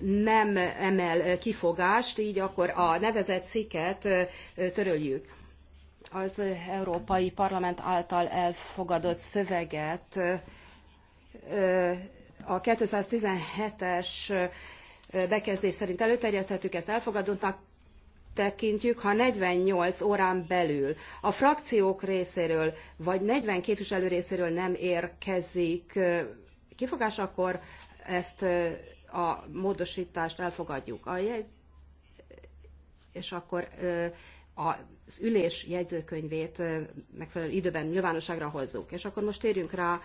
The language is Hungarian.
nem emel kifogást, így akkor a nevezett cikket töröljük. Az Európai Parlament által elfogadott szöveget a 217-es bekezdés szerint előterjeszthetjük, ezt elfogadottnak tekintjük, ha 48 órán belül a frakciók részéről, vagy 40 képviselő részéről nem érkezik kifogás, akkor ezt a módosítást elfogadjuk. A jegy, és akkor az ülés jegyzőkönyvét megfelelő időben nyilvánosságra hozzuk. És akkor most térjünk rá